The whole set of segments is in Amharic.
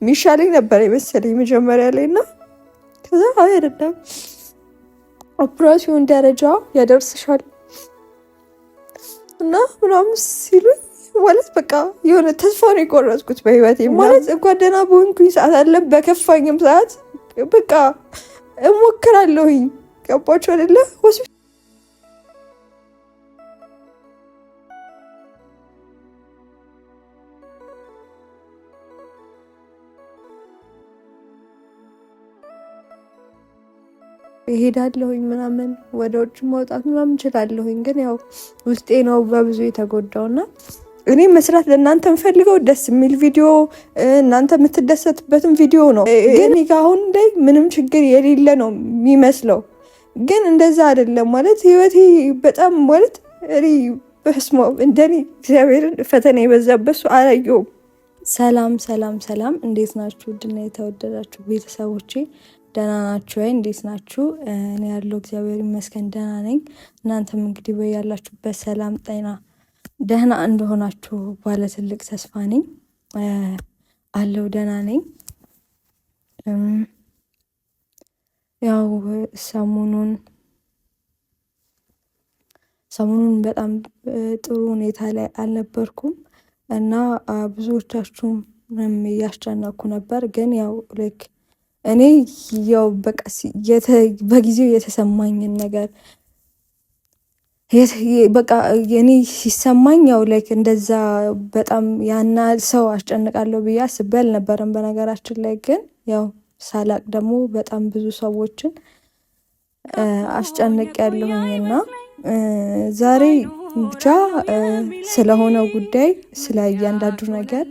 የሚሻለኝ ነበር የመሰለኝ መጀመሪያ ላይ እና ከዛ አይደለም ኦፕራሲዮን ደረጃ ያደርስሻል እና ምናምን ሲሉኝ ማለት በቃ የሆነ ተስፋ ነው የቆረጥኩት በህይወቴ። ማለት ጓደኛ በሆንኩኝ ሰዓት አለ በከፋኝም ሰዓት በቃ እሞክራለሁኝ። ገባችሁ አይደለ? እሄዳለሁኝ ምናምን ወደ ውጭ መውጣት ምናምን እችላለሁኝ። ግን ያው ውስጤ ነው በብዙ የተጎዳውና እኔ መስራት ለእናንተ የምፈልገው ደስ የሚል ቪዲዮ እናንተ የምትደሰትበትም ቪዲዮ ነው። ግን አሁን ላይ ምንም ችግር የሌለ ነው የሚመስለው፣ ግን እንደዛ አይደለም ማለት ህይወቴ በጣም ማለት በስሞ እንደኔ እግዚአብሔርን ፈተና የበዛበት ሰው አላየሁም። ሰላም ሰላም ሰላም፣ እንዴት ናችሁ? ውድና የተወደዳችሁ ቤተሰቦቼ ደህና ናችሁ ወይ? እንዴት ናችሁ? እኔ ያለው እግዚአብሔር ይመስገን ደህና ነኝ። እናንተም እንግዲህ ወይ ያላችሁበት ሰላም፣ ጤና፣ ደህና እንደሆናችሁ ባለ ትልቅ ተስፋ ነኝ። አለው ደህና ነኝ። ያው ሰሞኑን ሰሞኑን በጣም ጥሩ ሁኔታ ላይ አልነበርኩም እና ብዙዎቻችሁም እያስጨነኩ ነበር ግን ያው ልክ እኔ ያው በቃ በጊዜው የተሰማኝን ነገር በቃ እኔ ሲሰማኝ ያው ላይክ እንደዛ በጣም ያና ሰው አስጨንቃለሁ ብዬ አስቤ አልነበረም። በነገራችን ላይ ግን ያው ሳላቅ ደግሞ በጣም ብዙ ሰዎችን አስጨንቅ ያለሁኝና ዛሬ ብቻ ስለሆነው ጉዳይ ስለ እያንዳንዱ ነገር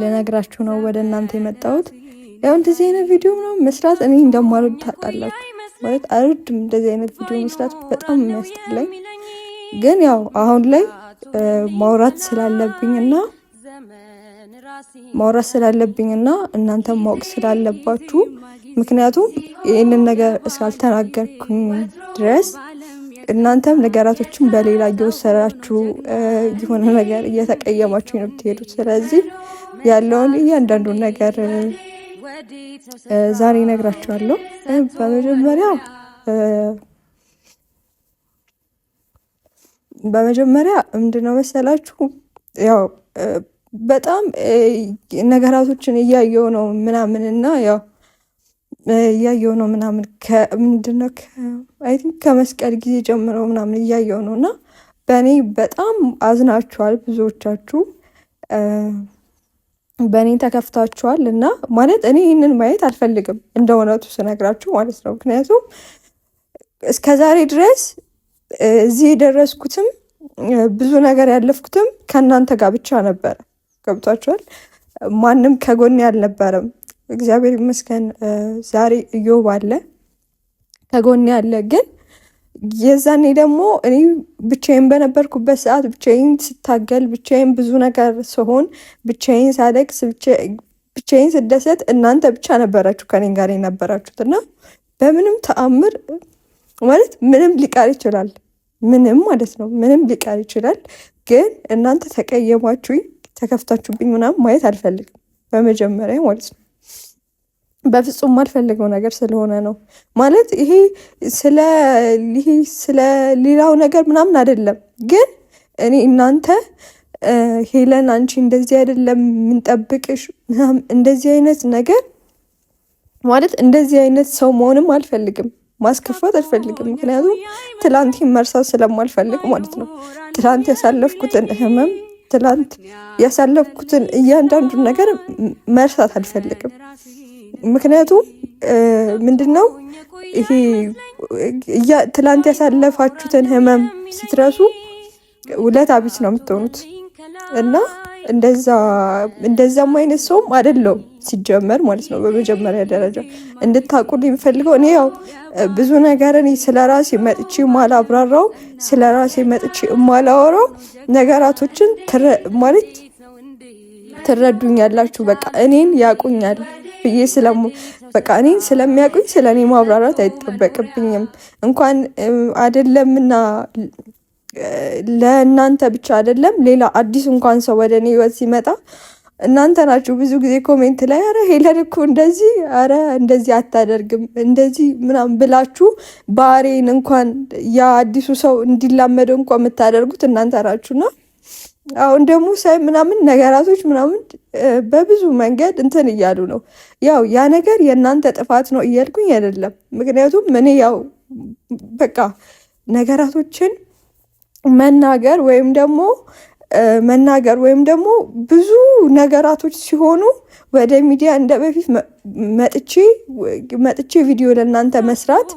ልነግራችሁ ነው ወደ እናንተ የመጣሁት። ያው እንደዚህ አይነት ቪዲዮ ነው መስራት እኔ እንደማልወድ ታውቃላችሁ። ማለት አልወድም እንደዚህ አይነት ቪዲዮ መስራት በጣም የሚያስጠላኝ፣ ግን ያው አሁን ላይ ማውራት ስላለብኝ እና ማውራት ስላለብኝ እና እናንተ ማወቅ ስላለባችሁ፣ ምክንያቱም ይህንን ነገር እስካልተናገርኩኝ ድረስ እናንተም ነገራቶችን በሌላ እየወሰዳችሁ የሆነ ነገር እየተቀየማችሁ ነው የምትሄዱት። ስለዚህ ያለውን እያንዳንዱን ነገር ዛሬ እነግራችኋለሁ። በመጀመሪያ በመጀመሪያ ነው መሰላችሁ ያው በጣም ነገራቶችን እያየው ነው ምናምን እና ያው እያየው ነው ምናምን ምንድነው አይ ቲንክ ከመስቀል ጊዜ ጀምሮ ምናምን እያየው ነው እና በእኔ በጣም አዝናችኋል ብዙዎቻችሁ። በእኔ ተከፍታችኋል እና ማለት እኔ ይህንን ማየት አልፈልግም፣ እንደ እውነቱ ስነግራችሁ ማለት ነው። ምክንያቱም እስከዛሬ ድረስ እዚህ የደረስኩትም ብዙ ነገር ያለፍኩትም ከእናንተ ጋር ብቻ ነበረ። ገብቷችኋል። ማንም ከጎኔ አልነበረም። እግዚአብሔር ይመስገን ዛሬ እዮብ አለ ከጎኔ አለ ግን የዛኔ ደግሞ እኔ ብቻዬን በነበርኩበት ሰዓት ብቻዬን ስታገል፣ ብቻዬን ብዙ ነገር ስሆን፣ ብቻዬን ሳለቅስ፣ ብቻዬን ስደሰት እናንተ ብቻ ነበራችሁ ከኔ ጋር የነበራችሁት እና በምንም ተአምር ማለት ምንም ሊቀር ይችላል ምንም ማለት ነው ምንም ሊቀር ይችላል። ግን እናንተ ተቀየማችሁኝ፣ ተከፍታችሁብኝ ምናምን ማየት አልፈልግም በመጀመሪያ ማለት ነው። በፍጹም ማልፈልገው ነገር ስለሆነ ነው። ማለት ይሄ ስለ ሌላው ነገር ምናምን አይደለም። ግን እኔ እናንተ ሄለን አንቺ እንደዚህ አይደለም የምንጠብቅሽ እንደዚህ አይነት ነገር ማለት እንደዚህ አይነት ሰው መሆንም አልፈልግም። ማስከፋት አልፈልግም። ምክንያቱም ትላንት መርሳት ስለማልፈልግ ማለት ነው። ትላንት ያሳለፍኩትን ህመም፣ ትላንት ያሳለፍኩትን እያንዳንዱን ነገር መርሳት አልፈልግም። ምክንያቱም ምንድን ነው ይሄ ትላንት ያሳለፋችሁትን ህመም ስትረሱ ውለት አቢስ ነው የምትሆኑት እና እንደዛም አይነት ሰውም አይደለሁም ሲጀመር ማለት ነው። በመጀመሪያ ደረጃ እንድታቁልኝ የምፈልገው እኔ ያው ብዙ ነገር እኔ ስለ ራሴ መጥቼ ማላብራራው ስለ ራሴ መጥቼ ማላወራው ነገራቶችን ማለት ትረዱኛላችሁ። በቃ እኔን ያቁኛል። ብዬ ስለሙ በቃ እኔን ስለሚያውቁኝ ስለ እኔ ማብራራት አይጠበቅብኝም። እንኳን አይደለምና ለእናንተ ብቻ አይደለም ሌላ አዲስ እንኳን ሰው ወደ እኔ ህይወት ሲመጣ እናንተ ናችሁ ብዙ ጊዜ ኮሜንት ላይ አረ ሄለን እኮ እንደዚህ አረ እንደዚህ አታደርግም እንደዚህ ምናምን ብላችሁ ባህሬን እንኳን የአዲሱ ሰው እንዲላመደው እንኳ የምታደርጉት እናንተ ነው። አሁን እንደ ሳይ ምናምን ነገራቶች ምናምን በብዙ መንገድ እንትን እያሉ ነው። ያው ያ ነገር የእናንተ ጥፋት ነው እያልኩኝ አይደለም። ምክንያቱም እኔ ያው በቃ ነገራቶችን መናገር ወይም ደግሞ መናገር ወይም ደግሞ ብዙ ነገራቶች ሲሆኑ ወደ ሚዲያ እንደ በፊት መጥቼ መጥቼ ቪዲዮ ለእናንተ መስራት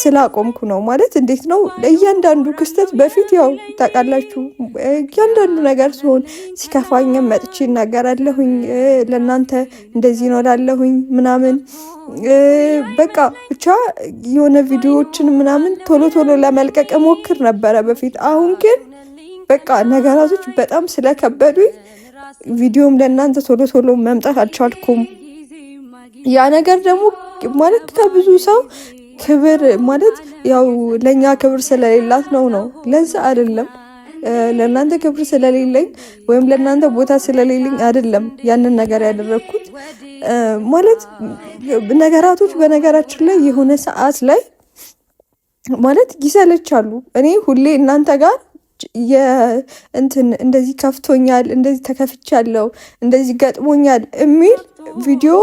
ስላቆምኩ ነው። ማለት እንዴት ነው እያንዳንዱ ክስተት በፊት ያው ታውቃላችሁ፣ እያንዳንዱ ነገር ሲሆን ሲከፋኝም መጥቼ እናገራለሁኝ ለእናንተ እንደዚህ ነው ላለሁኝ ምናምን በቃ ብቻ የሆነ ቪዲዮዎችን ምናምን ቶሎ ቶሎ ለመልቀቅ ሞክር ነበረ በፊት። አሁን ግን በቃ ነገራቶች በጣም ስለከበዱ ቪዲዮም ለእናንተ ቶሎ ቶሎ መምጣት አልቻልኩም። ያ ነገር ደግሞ ማለት ከብዙ ሰው ክብር ማለት ያው ለእኛ ክብር ስለሌላት ነው ነው ለዛ አይደለም ለእናንተ ክብር ስለሌለኝ ወይም ለእናንተ ቦታ ስለሌለኝ አይደለም ያንን ነገር ያደረግኩት። ማለት ነገራቶች በነገራችን ላይ የሆነ ሰዓት ላይ ማለት ይሰለቻሉ። እኔ ሁሌ እናንተ ጋር እንትን እንደዚህ ከፍቶኛል፣ እንደዚህ ተከፍቻለሁ፣ እንደዚህ ገጥሞኛል የሚል ቪዲዮ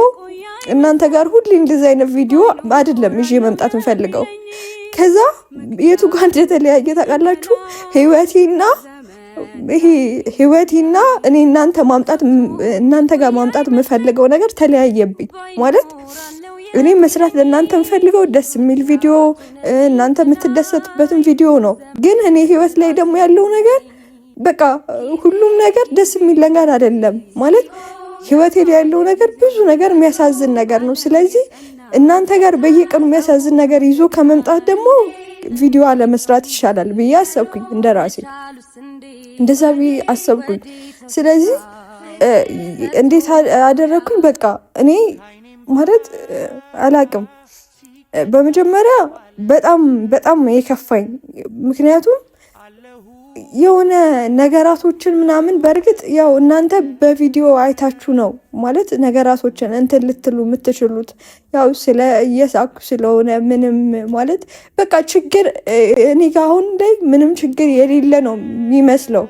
እናንተ ጋር ሁሌ እንደዚህ አይነት ቪዲዮ አይደለም ይዤ መምጣት እንፈልገው። ከዛ የቱ ጋር እንደተለያየ ታውቃላችሁ? ህይወቴና ይሄ ህይወቴና እኔ እናንተ ማምጣት እናንተ ጋር ማምጣት የምፈልገው ነገር ተለያየብኝ ማለት እኔ መስራት ለእናንተ የምፈልገው ደስ የሚል ቪዲዮ እናንተ የምትደሰትበትን ቪዲዮ ነው። ግን እኔ ህይወት ላይ ደግሞ ያለው ነገር በቃ ሁሉም ነገር ደስ የሚል ነገር አይደለም ማለት ህይወቴ ላይ ያለው ነገር ብዙ ነገር የሚያሳዝን ነገር ነው። ስለዚህ እናንተ ጋር በየቀኑ የሚያሳዝን ነገር ይዞ ከመምጣት ደግሞ ቪዲዮ አለመስራት ይሻላል ብዬ አሰብኩኝ። እንደ ራሴ እንደዛ ብዬ አሰብኩኝ። ስለዚህ እንዴት አደረግኩኝ? በቃ እኔ ማለት አላቅም። በመጀመሪያ በጣም በጣም የከፋኝ ምክንያቱም የሆነ ነገራቶችን ምናምን በእርግጥ ያው እናንተ በቪዲዮ አይታችሁ ነው ማለት ነገራቶችን እንትን ልትሉ የምትችሉት ያው ስለ እየሳኩ ስለሆነ ምንም ማለት በቃ ችግር እኔ ጋ አሁን ላይ ምንም ችግር የሌለ ነው የሚመስለው፣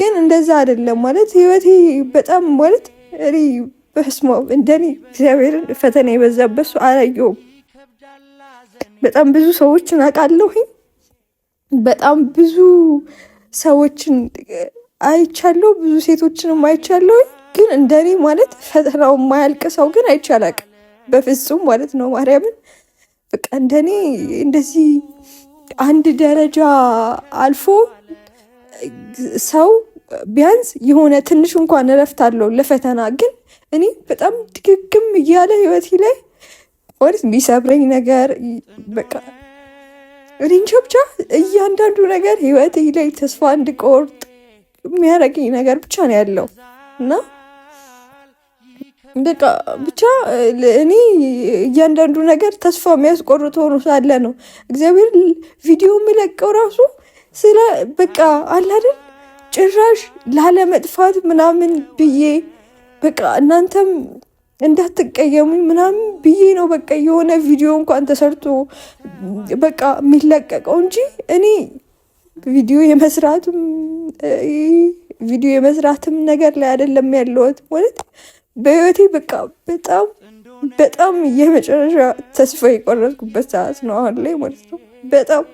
ግን እንደዛ አይደለም ማለት ህይወቴ በጣም ማለት በስሞ እንደኔ እግዚአብሔርን ፈተና የበዛበት ሰው አላየውም። በጣም ብዙ ሰዎችን አውቃለሁኝ። በጣም ብዙ ሰዎችን አይቻለሁ። ብዙ ሴቶችንም አይቻለሁኝ። ግን እንደኔ ማለት ፈተናው የማያልቅ ሰው ግን አይቻላቅ በፍጹም ማለት ነው። ማርያምን በቃ እንደኔ እንደዚህ አንድ ደረጃ አልፎ ሰው ቢያንስ የሆነ ትንሽ እንኳን እረፍት አለው ለፈተና። ግን እኔ በጣም ድግግም እያለ ህይወቴ ላይ ወይስ የሚሰብረኝ ነገር በቃ እንጃ ብቻ እያንዳንዱ ነገር ህይወቴ ላይ ተስፋ እንድቆርጥ የሚያደርገኝ ነገር ብቻ ነው ያለው እና በቃ ብቻ እኔ እያንዳንዱ ነገር ተስፋ የሚያስቆርጥ ሆኖ ሳለ ነው እግዚአብሔር ቪዲዮ የሚለቀው ራሱ ስለ በቃ አላደል ጭራሽ ላለመጥፋት ምናምን ብዬ በቃ እናንተም እንዳትቀየሙኝ ምናምን ብዬ ነው በቃ የሆነ ቪዲዮ እንኳን ተሰርቶ በቃ የሚለቀቀው እንጂ እኔ ቪዲዮ የመስራትም ቪዲዮ የመስራትም ነገር ላይ አይደለም ያለሁት። ማለት በህይወቴ በቃ በጣም በጣም የመጨረሻ ተስፋ የቆረጥኩበት ሰዓት ነው አሁን ላይ ማለት ነው። በጣም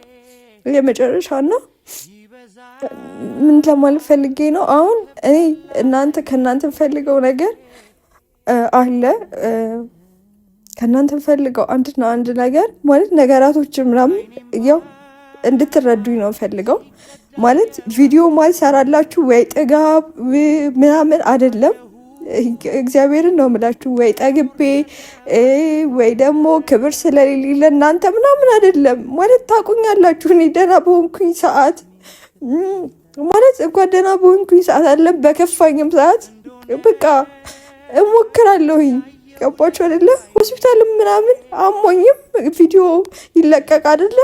የመጨረሻ ነው። ምን ለማለት ፈልጌ ነው? አሁን እኔ እናንተ ከእናንተ ፈልገው ነገር አለ ከእናንተ ፈልገው አንድና አንድ ነገር ማለት ነገራቶች ምናምን ያው እንድትረዱኝ ነው ፈልገው ማለት ቪዲዮ ማልሰራላችሁ ወይ ጥጋብ ምናምን አይደለም። እግዚአብሔርን ነው የምላችሁ። ወይ ጠግቤ ወይ ደግሞ ክብር ስለሌለ እናንተ ምናምን አይደለም ማለት ታቁኛላችሁ። እኔ ደህና በሆንኩኝ ሰዓት ማለት ጓደኛ በሆንኩኝ ሰዓት አለ በከፋኝም ሰዓት በቃ እሞክራለሁኝ። ገባችሁ አደለ? ሆስፒታልም ምናምን አሞኝም ቪዲዮ ይለቀቅ አደለ?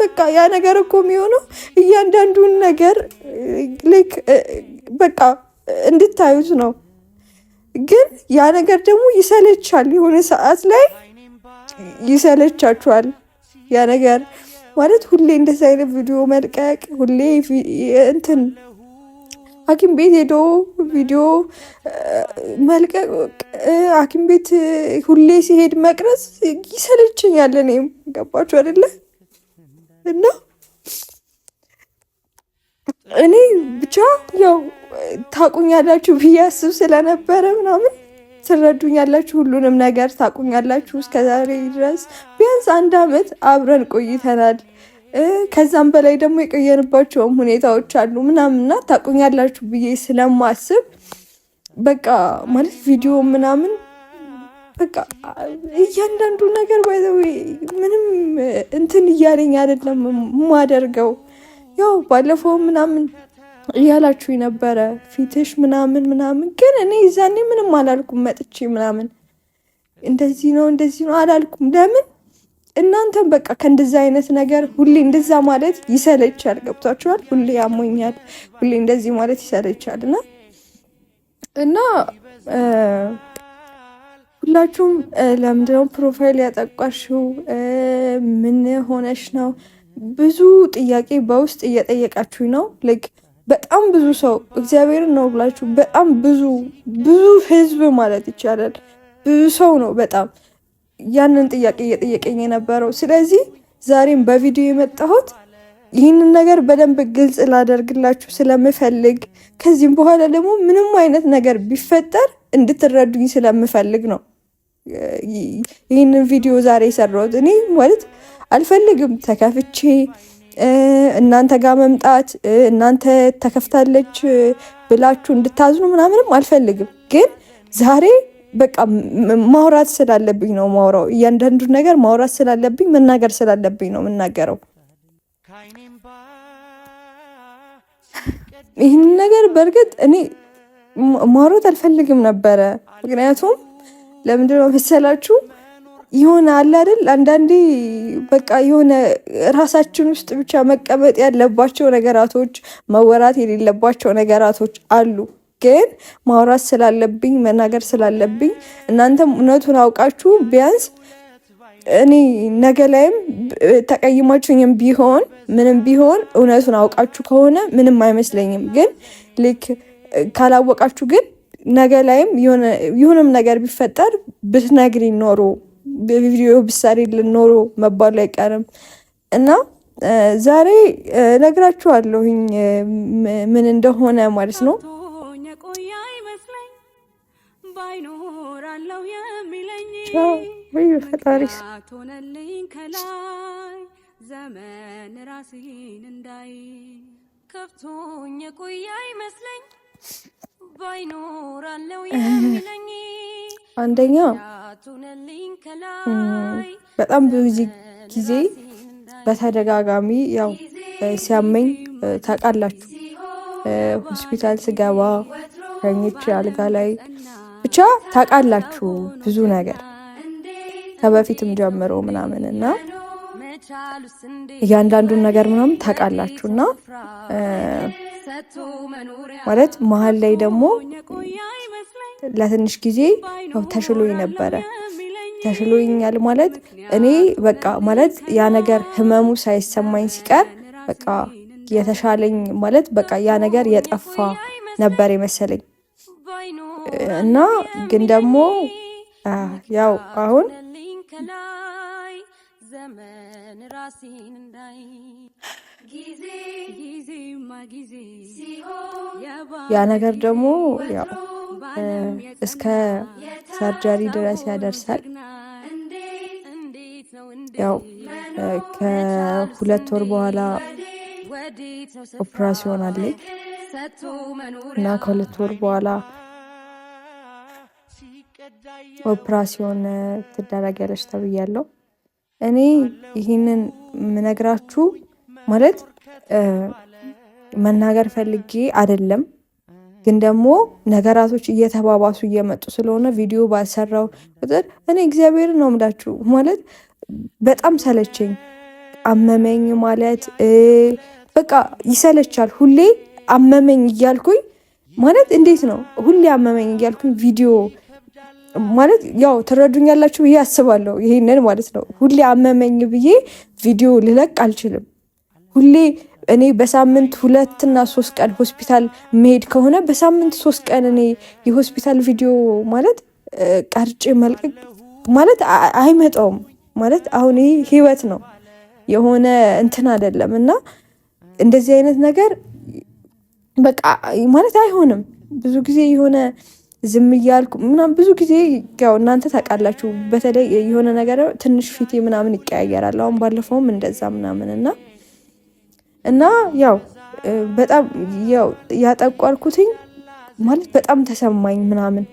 በቃ ያ ነገር እኮ የሚሆነው እያንዳንዱን ነገር ላይክ በቃ እንድታዩት ነው። ግን ያ ነገር ደግሞ ይሰለቻል፣ የሆነ ሰዓት ላይ ይሰለቻችኋል ያ ነገር ማለት ሁሌ እንደዚህ አይነት ቪዲዮ መልቀቅ ሁሌ እንትን ሐኪም ቤት ሄዶ ቪዲዮ መልቀቅ ሐኪም ቤት ሁሌ ሲሄድ መቅረጽ ይሰለችኛል። እኔም ገባችሁ አይደለ? እና እኔ ብቻ ያው ታቁኛላችሁ ብዬ አስብ ስለነበረ ምናምን ትረዱኛላችሁ፣ ሁሉንም ነገር ታቁኛላችሁ። እስከዛሬ ድረስ ቢያንስ አንድ ዓመት አብረን ቆይተናል። ከዛም በላይ ደግሞ የቆየንባቸውም ሁኔታዎች አሉ ምናምንና ታቁኛላችሁ ብዬ ስለማስብ በቃ ማለት ቪዲዮ ምናምን በቃ እያንዳንዱ ነገር ባይዘው ምንም እንትን እያለኝ አይደለም ማደርገው ያው ባለፈው ምናምን እያላችሁ ነበረ ፊትሽ ምናምን ምናምን፣ ግን እኔ ይዛኔ ምንም አላልኩም። መጥቼ ምናምን እንደዚህ ነው እንደዚህ ነው አላልኩም። ለምን እናንተም በቃ ከእንደዚ አይነት ነገር ሁሌ እንደዛ ማለት ይሰለቻል። ገብቷችኋል? ሁሌ ያሞኛል፣ ሁሌ እንደዚህ ማለት ይሰለቻል እና እና ሁላችሁም ለምንድነው ፕሮፋይል ያጠቋሽው? ምን ሆነሽ ነው? ብዙ ጥያቄ በውስጥ እየጠየቃችሁ ነው ልክ በጣም ብዙ ሰው እግዚአብሔርን ነው ብላችሁ በጣም ብዙ ብዙ ህዝብ ማለት ይቻላል ብዙ ሰው ነው በጣም ያንን ጥያቄ እየጠየቀኝ የነበረው። ስለዚህ ዛሬም በቪዲዮ የመጣሁት ይህንን ነገር በደንብ ግልጽ ላደርግላችሁ ስለምፈልግ ከዚህም በኋላ ደግሞ ምንም አይነት ነገር ቢፈጠር እንድትረዱኝ ስለምፈልግ ነው ይህንን ቪዲዮ ዛሬ የሰራሁት። እኔ ማለት አልፈልግም ተከፍቼ እናንተ ጋር መምጣት እናንተ ተከፍታለች ብላችሁ እንድታዝኑ ምናምንም አልፈልግም። ግን ዛሬ በቃ ማውራት ስላለብኝ ነው ማውራው። እያንዳንዱ ነገር ማውራት ስላለብኝ መናገር ስላለብኝ ነው የምናገረው። ይህን ነገር በእርግጥ እኔ ማውራት አልፈልግም ነበረ። ምክንያቱም ለምንድነው መሰላችሁ የሆነ አለ አይደል አንዳንዴ በቃ የሆነ ራሳችን ውስጥ ብቻ መቀመጥ ያለባቸው ነገራቶች፣ መወራት የሌለባቸው ነገራቶች አሉ። ግን ማውራት ስላለብኝ መናገር ስላለብኝ እናንተም እውነቱን አውቃችሁ ቢያንስ እኔ ነገ ላይም ተቀይማችሁኝም ቢሆን ምንም ቢሆን እውነቱን አውቃችሁ ከሆነ ምንም አይመስለኝም። ግን ልክ ካላወቃችሁ ግን ነገ ላይም የሆነም ነገር ቢፈጠር ብትነግሪ ኖሮ በቪዲዮ ብሳሪ ልኖሮ መባሉ አይቀርም እና ዛሬ ነግራችኋለሁኝ ምን እንደሆነ ማለት ነው። ፈጣሪ ዘመን ራስህን እንዳይ ከፍቶኝ የቆየ አይመስለኝ አንደኛ በጣም ብዙ ጊዜ በተደጋጋሚ ያው ሲያመኝ ታውቃላችሁ፣ ሆስፒታል ስገባ ረኞች አልጋ ላይ ብቻ ታውቃላችሁ ብዙ ነገር ከበፊትም ጀምሮ ምናምን እና እያንዳንዱን ነገር ምናምን ታውቃላችሁ እና ማለት መሀል ላይ ደግሞ ለትንሽ ጊዜ ተሽሎኝ ነበረ። ተሽሎኛል ማለት እኔ በቃ ማለት ያ ነገር ህመሙ ሳይሰማኝ ሲቀር በቃ የተሻለኝ ማለት በቃ ያ ነገር የጠፋ ነበር የመሰለኝ እና ግን ደግሞ ያው አሁን ያ ነገር ደግሞ ያው እስከ ሰርጀሪ ድረስ ያደርሳል። ያው ከሁለት ወር በኋላ ኦፕራሲዮን አለኝ እና ከሁለት ወር በኋላ ኦፕራሲዮን ትደረጊያለሽ ተብያለሁ። እኔ ይህንን ምነግራችሁ ማለት መናገር ፈልጌ አይደለም፣ ግን ደግሞ ነገራቶች እየተባባሱ እየመጡ ስለሆነ ቪዲዮ ባልሰራው ቁጥር እኔ እግዚአብሔር ነው ምላችሁ ማለት በጣም ሰለቸኝ። አመመኝ ማለት በቃ ይሰለቻል። ሁሌ አመመኝ እያልኩኝ ማለት እንዴት ነው ሁሌ አመመኝ እያልኩኝ ቪዲዮ ማለት ያው ትረዱኛላችሁ ብዬ አስባለሁ። ይሄንን ማለት ነው ሁሌ አመመኝ ብዬ ቪዲዮ ልለቅ አልችልም። ሁሌ እኔ በሳምንት ሁለትና ሶስት ቀን ሆስፒታል መሄድ ከሆነ በሳምንት ሶስት ቀን እኔ የሆስፒታል ቪዲዮ ማለት ቀርጬ መልቀቅ ማለት አይመጣውም። ማለት አሁን ይህ ህይወት ነው የሆነ እንትን አይደለም እና እንደዚህ አይነት ነገር በቃ ማለት አይሆንም። ብዙ ጊዜ የሆነ ዝም እያልኩ ምናምን ብዙ ጊዜ ያው እናንተ ታውቃላችሁ፣ በተለይ የሆነ ነገር ትንሽ ፊቴ ምናምን ይቀያየራል። አሁን ባለፈውም እንደዛ ምናምን እና እና ያው በጣም ያው ያጠቋልኩትኝ ማለት በጣም ተሰማኝ ምናምን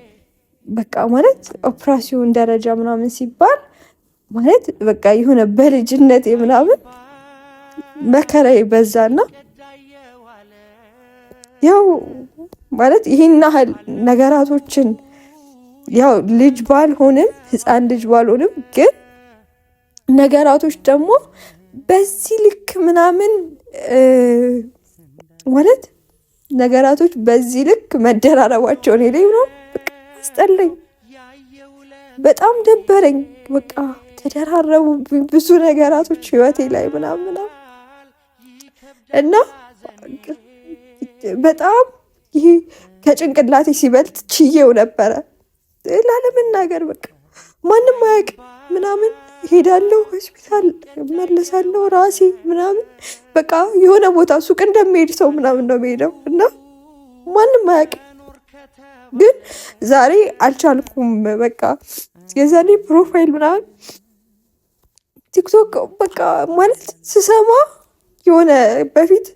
በቃ ማለት ኦፕራሲዮን ደረጃ ምናምን ሲባል ማለት በቃ የሆነ በልጅነት ምናምን መከራዬ በዛና ያው ማለት ይህን ያህል ነገራቶችን ያው ልጅ ባልሆንም ህፃን ልጅ ባልሆንም ግን ነገራቶች ደግሞ በዚህ ልክ ምናምን ማለት ነገራቶች በዚህ ልክ መደራረባቸው እኔ ላይ ነው አስጠላኝ፣ በጣም ደበረኝ። በቃ ተደራረቡ ብዙ ነገራቶች ህይወቴ ላይ ምናምና እና በጣም ይህ ከጭንቅላቴ ሲበልጥ ችዬው ነበረ ላለመናገር በቃ ማንም አያውቅ ምናምን ሄዳለሁ ሆስፒታል መለሳለሁ ራሴ ምናምን በቃ የሆነ ቦታ ሱቅ እንደሚሄድ ሰው ምናምን ነው የሚሄደው እና ማንም አያውቅም። ግን ዛሬ አልቻልኩም። በቃ የዛኔ ፕሮፋይል ምናምን ቲክቶክ በቃ ማለት ስሰማ የሆነ በፊት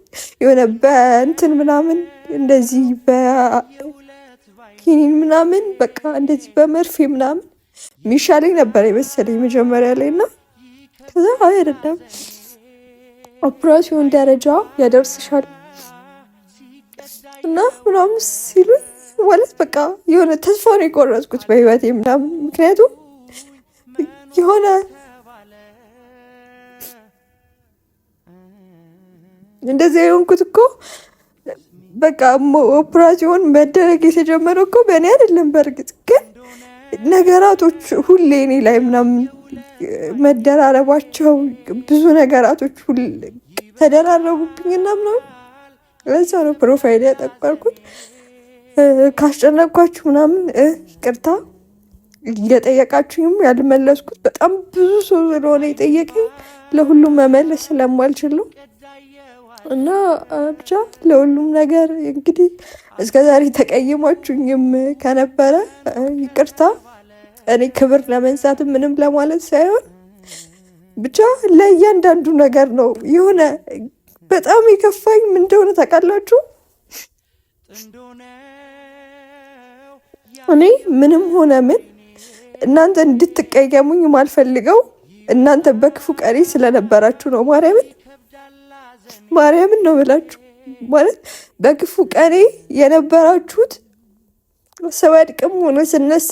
የሆነ በእንትን ምናምን እንደዚህ በኪኒን ምናምን በቃ እንደዚህ በመርፌ ምናምን የሚሻለኝ ነበር የመሰለኝ መጀመሪያ ላይ እና ከዛ አይደለም ኦፕራሲዮን ደረጃ ያደርስሻል እና ምናምን ሲሉ ማለት በቃ የሆነ ተስፋ ነው የቆረጥኩት በህይወቴ ምናምን ምክንያቱም የሆነ እንደዚያ የሆንኩት እኮ በቃ ኦፕራሲዮን መደረግ የተጀመረው እኮ በእኔ አይደለም። በእርግጥ ግን ነገራቶች ሁሌ እኔ ላይ ምናምን መደራረባቸው ብዙ ነገራቶች ተደራረቡብኝና ምናምን ለዛ ነው ፕሮፋይል ያጠቋልኩት። ካስጨነቅኳችሁ ምናምን ይቅርታ እየጠየቃችሁም ያልመለስኩት በጣም ብዙ ሰው ስለሆነ የጠየቀኝ ለሁሉም መመለስ ስለማልችል ነው። እና ብቻ ለሁሉም ነገር እንግዲህ እስከ ዛሬ ተቀይሟችሁኝም ከነበረ ይቅርታ። እኔ ክብር ለመንሳት ምንም ለማለት ሳይሆን ብቻ ለእያንዳንዱ ነገር ነው። የሆነ በጣም የከፋኝ ምን እንደሆነ ታውቃላችሁ? እኔ ምንም ሆነ ምን እናንተ እንድትቀየሙኝ ማልፈልገው እናንተ በክፉ ቀሪ ስለነበራችሁ ነው ማርያምን ማርያምን ነው ብላችሁ ማለት በክፉ ቀኔ የነበራችሁት ስወድቅም ሆነ ስነሳ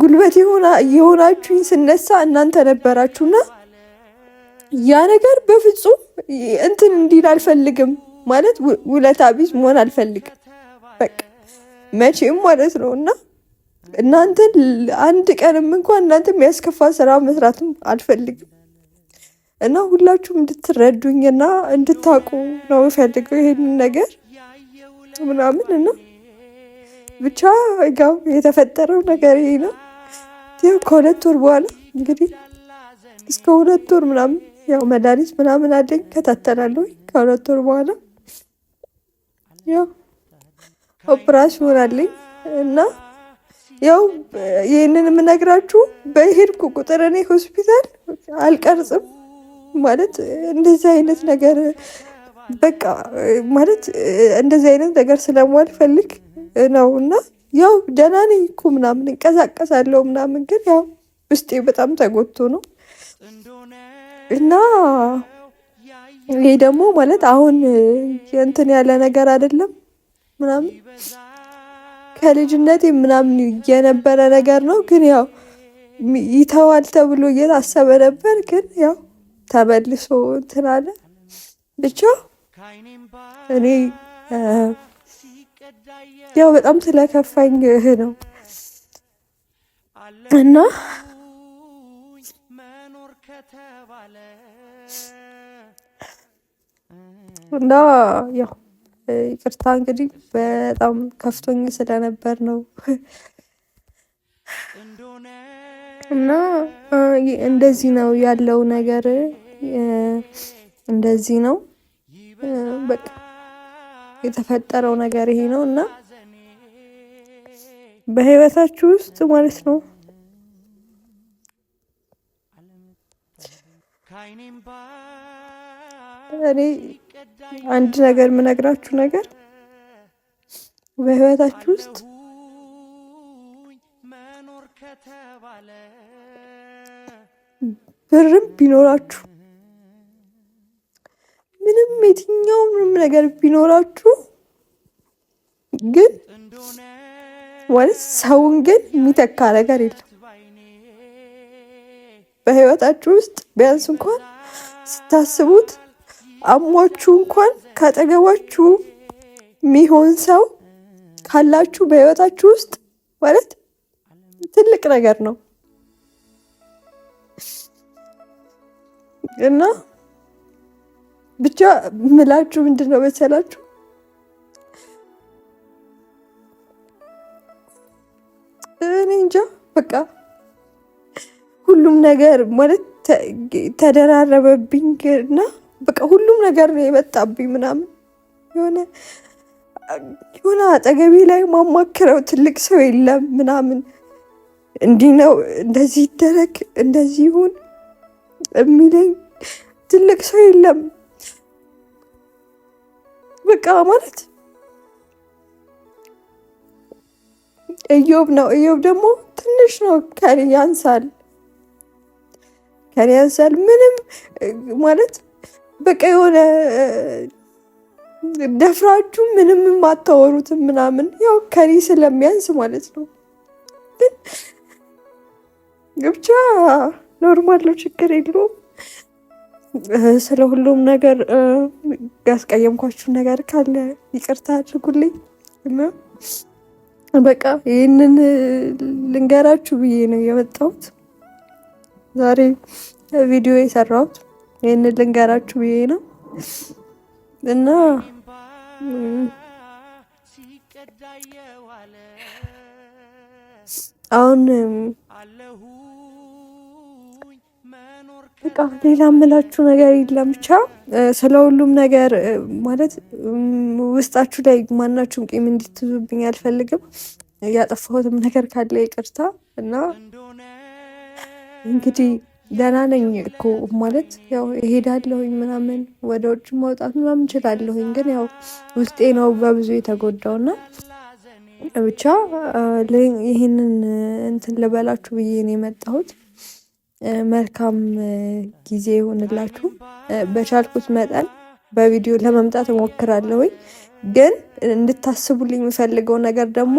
ጉልበት የሆናችሁኝ ስነሳ እናንተ ነበራችሁና ያ ነገር በፍጹም እንትን እንዲል አልፈልግም። ማለት ውለታ ቢስ መሆን አልፈልግም በቃ መቼም ማለት ነው እና እናንተን አንድ ቀንም እንኳን እናንተ የሚያስከፋ ስራ መስራትም አልፈልግም። እና ሁላችሁም እንድትረዱኝና እንድታቁ ነው የምፈልገው ይሄንን ነገር ምናምን እና ብቻ ያው የተፈጠረው ነገር ይሄ ነው። ያው ከሁለት ወር በኋላ እንግዲህ እስከ ሁለት ወር ምናምን ያው መድኃኒት ምናምን አለኝ ከታተላለሁ። ከሁለት ወር በኋላ ያው ኦፕራሽን አለኝ እና ያው ይህንን የምነግራችሁ በሄድኩ ቁጥር እኔ ሆስፒታል አልቀርጽም ማለት እንደዚህ አይነት ነገር በቃ ማለት እንደዚህ አይነት ነገር ስለማልፈልግ ነው እና ያው ደህና ነኝ እኮ ምናምን እንቀሳቀሳለሁ ምናምን፣ ግን ያው ውስጤ በጣም ተጎድቶ ነው እና ይሄ ደግሞ ማለት አሁን እንትን ያለ ነገር አይደለም ምናምን ከልጅነቴ ምናምን የነበረ ነገር ነው። ግን ያው ይተዋል ተብሎ እየታሰበ ነበር። ግን ያው ተመልሶ እንትን አለ። ብቻ እኔ ያው በጣም ስለከፋኝ ይህ ነው እና እና ያው ይቅርታ እንግዲህ በጣም ከፍቶኝ ስለነበር ነው እና እንደዚህ ነው ያለው ነገር፣ እንደዚህ ነው በቃ የተፈጠረው ነገር ይሄ ነው እና በህይወታችሁ ውስጥ ማለት ነው እኔ አንድ ነገር የምነግራችሁ ነገር በህይወታችሁ ውስጥ ብርም ቢኖራችሁ ምንም የትኛው ምንም ነገር ቢኖራችሁ ግን ማለት ሰውን ግን የሚተካ ነገር የለም። በህይወታችሁ ውስጥ ቢያንስ እንኳን ስታስቡት አሟችሁ እንኳን ካጠገባችሁ የሚሆን ሰው ካላችሁ በህይወታችሁ ውስጥ ማለት ትልቅ ነገር ነው። እና ብቻ ምላችሁ ምንድን ነው መሰላችሁ እኔ እንጃ በቃ ሁሉም ነገር ማለት ተደራረበብኝ እና በቃ ሁሉም ነገር ነው የመጣብኝ ምናምን የሆነ የሆነ አጠገቤ ላይ ማማክረው ትልቅ ሰው የለም ምናምን እንዲህ ነው እንደዚህ ይደረግ እንደዚህ ይሁን የሚለኝ ትልቅ ሰው የለም። በቃ ማለት እዮብ ነው። እዮብ ደግሞ ትንሽ ነው፣ ከኔ ያንሳል፣ ከኔ ያንሳል። ምንም ማለት በቃ የሆነ ደፍራችሁ ምንም የማታወሩትም ምናምን ያው ከኔ ስለሚያንስ ማለት ነው ግን ብቻ ኖርማል ነው፣ ችግር የለውም። ስለ ሁሉም ነገር ያስቀየምኳችሁ ነገር ካለ ይቅርታ አድርጉልኝ እና በቃ ይህንን ልንገራችሁ ብዬ ነው የመጣሁት ዛሬ ቪዲዮ የሰራሁት ይህንን ልንገራችሁ ብዬ ነው እና አሁን በቃ ሌላ ምላችሁ ነገር የለም። ብቻ ስለ ሁሉም ነገር ማለት ውስጣችሁ ላይ ማናችሁም ቂም እንዲትዙብኝ አልፈልግም። ያጠፋሁትም ነገር ካለ ይቅርታ እና እንግዲህ ደህና ነኝ እኮ ማለት ያው እሄዳለሁኝ ምናምን ወደ ውጭ መውጣት ምናምን እችላለሁኝ፣ ግን ያው ውስጤ ነው በብዙ የተጎዳውና ብቻ ይህንን እንትን ልበላችሁ ብዬ ነው የመጣሁት። መልካም ጊዜ ይሆንላችሁ። በቻልኩት መጠን በቪዲዮ ለመምጣት እሞክራለሁኝ። ግን እንድታስቡልኝ የምፈልገው ነገር ደግሞ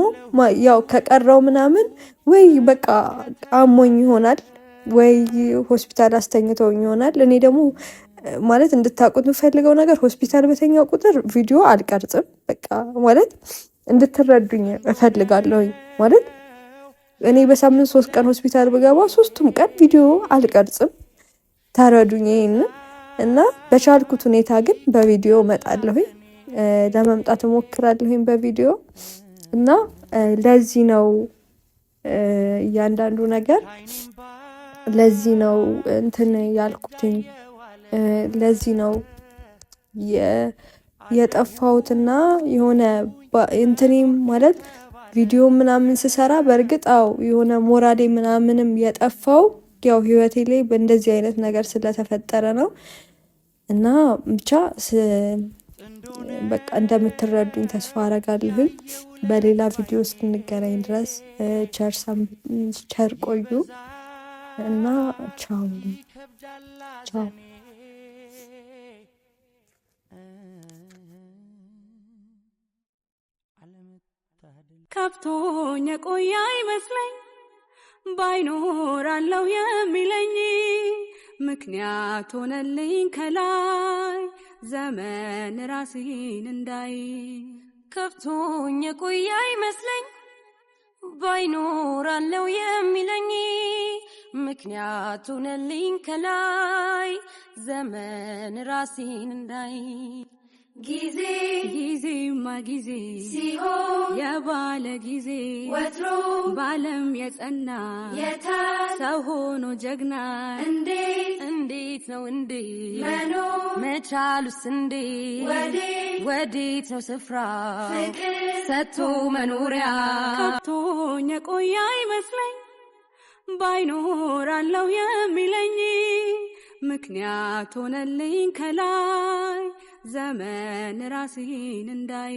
ያው ከቀረው ምናምን ወይ በቃ አሞኝ ይሆናል ወይ ሆስፒታል አስተኝተውኝ ይሆናል። እኔ ደግሞ ማለት እንድታውቁት የምፈልገው ነገር ሆስፒታል በተኛው ቁጥር ቪዲዮ አልቀርጽም። በቃ ማለት እንድትረዱኝ እፈልጋለሁኝ ማለት እኔ በሳምንት ሶስት ቀን ሆስፒታል ብገባ ሶስቱም ቀን ቪዲዮ አልቀርጽም። ተረዱኝ ይህን እና በቻልኩት ሁኔታ ግን በቪዲዮ እመጣለሁኝ ለመምጣት እሞክራለሁኝ በቪዲዮ እና ለዚህ ነው እያንዳንዱ ነገር ለዚህ ነው እንትን ያልኩትኝ ለዚህ ነው የጠፋሁትና የሆነ እንትኔም ማለት ቪዲዮ ምናምን ስሰራ በእርግጥ አው የሆነ ሞራሌ ምናምንም የጠፋው ያው ህይወቴ ላይ በእንደዚህ አይነት ነገር ስለተፈጠረ ነው እና ብቻ በቃ እንደምትረዱኝ ተስፋ አረጋለሁኝ። በሌላ ቪዲዮ እስክንገናኝ ድረስ ቸር ቆዩ እና ቻው ቻው። ከብቶኝ የቆየ አይመስለኝ አለው የሚለኝ ምክንያት ሆነልኝ ከላይ ዘመን ራሴን እንዳይ ከብቶኝ የቆየ አይመስለኝ አለው የሚለኝ ምክንያት ሆነልኝ ከላይ ዘመን ራሴን እንዳይ ጊዜ ጊዜማ ጊዜ ሲሆን የባለ ጊዜ ወትሮ ባለም የጸና የተሰው ሆኖ ጀግና እንዴት እንዴት ነው እንዴ መኖር መቻሉስ እንዴት ወዴት ነው ስፍራ ፍቅር ሰጥቶ መኖሪያ ከቶኝ ቆየ አይመስለኝ ባይኖር አለው የሚለኝ ምክንያት ሆነልኝ ከላይ ዘመን ራስህን እንዳይ